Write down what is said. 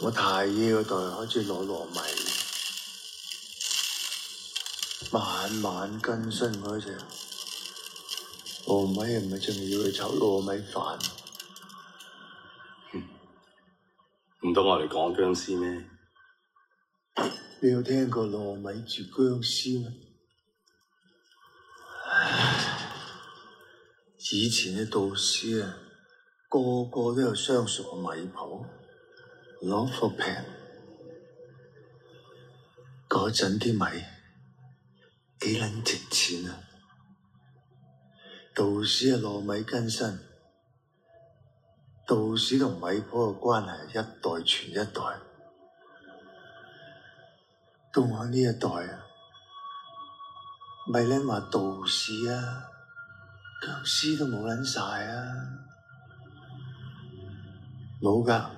我太爺嗰代，開始攞糯米了，慢慢更新嗰隻糯米，唔係仲要嚟炒糯米飯嗎。唔、嗯、通我嚟講僵屍咩？你有聽過糯米煮僵屍嗎？以前嘅道士啊，個個都有相熟嘅米婆。攞貨平嗰陣啲米幾撚值錢啊？道士嘅糯米根生，道士同米婆嘅關係一代傳一代，到我呢一代啊，咪撚話道士啊，僵屍都冇撚曬啊，冇㗎。